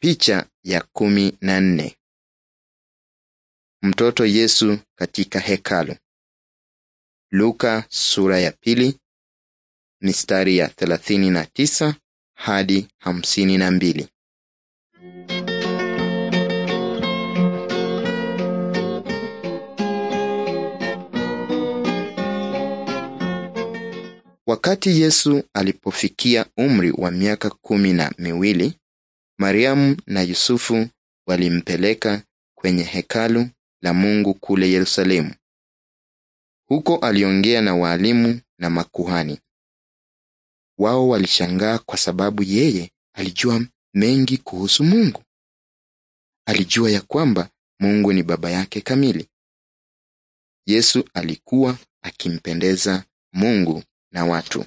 Picha ya kumi na nne. Mtoto Yesu katika hekalu. Luka sura ya pili mistari ya 39 hadi 52. Wakati Yesu alipofikia umri wa miaka kumi na miwili Mariamu na Yusufu walimpeleka kwenye hekalu la Mungu kule Yerusalemu. Huko aliongea na waalimu na makuhani. Wao walishangaa kwa sababu yeye alijua mengi kuhusu Mungu. Alijua ya kwamba Mungu ni baba yake kamili. Yesu alikuwa akimpendeza Mungu na watu.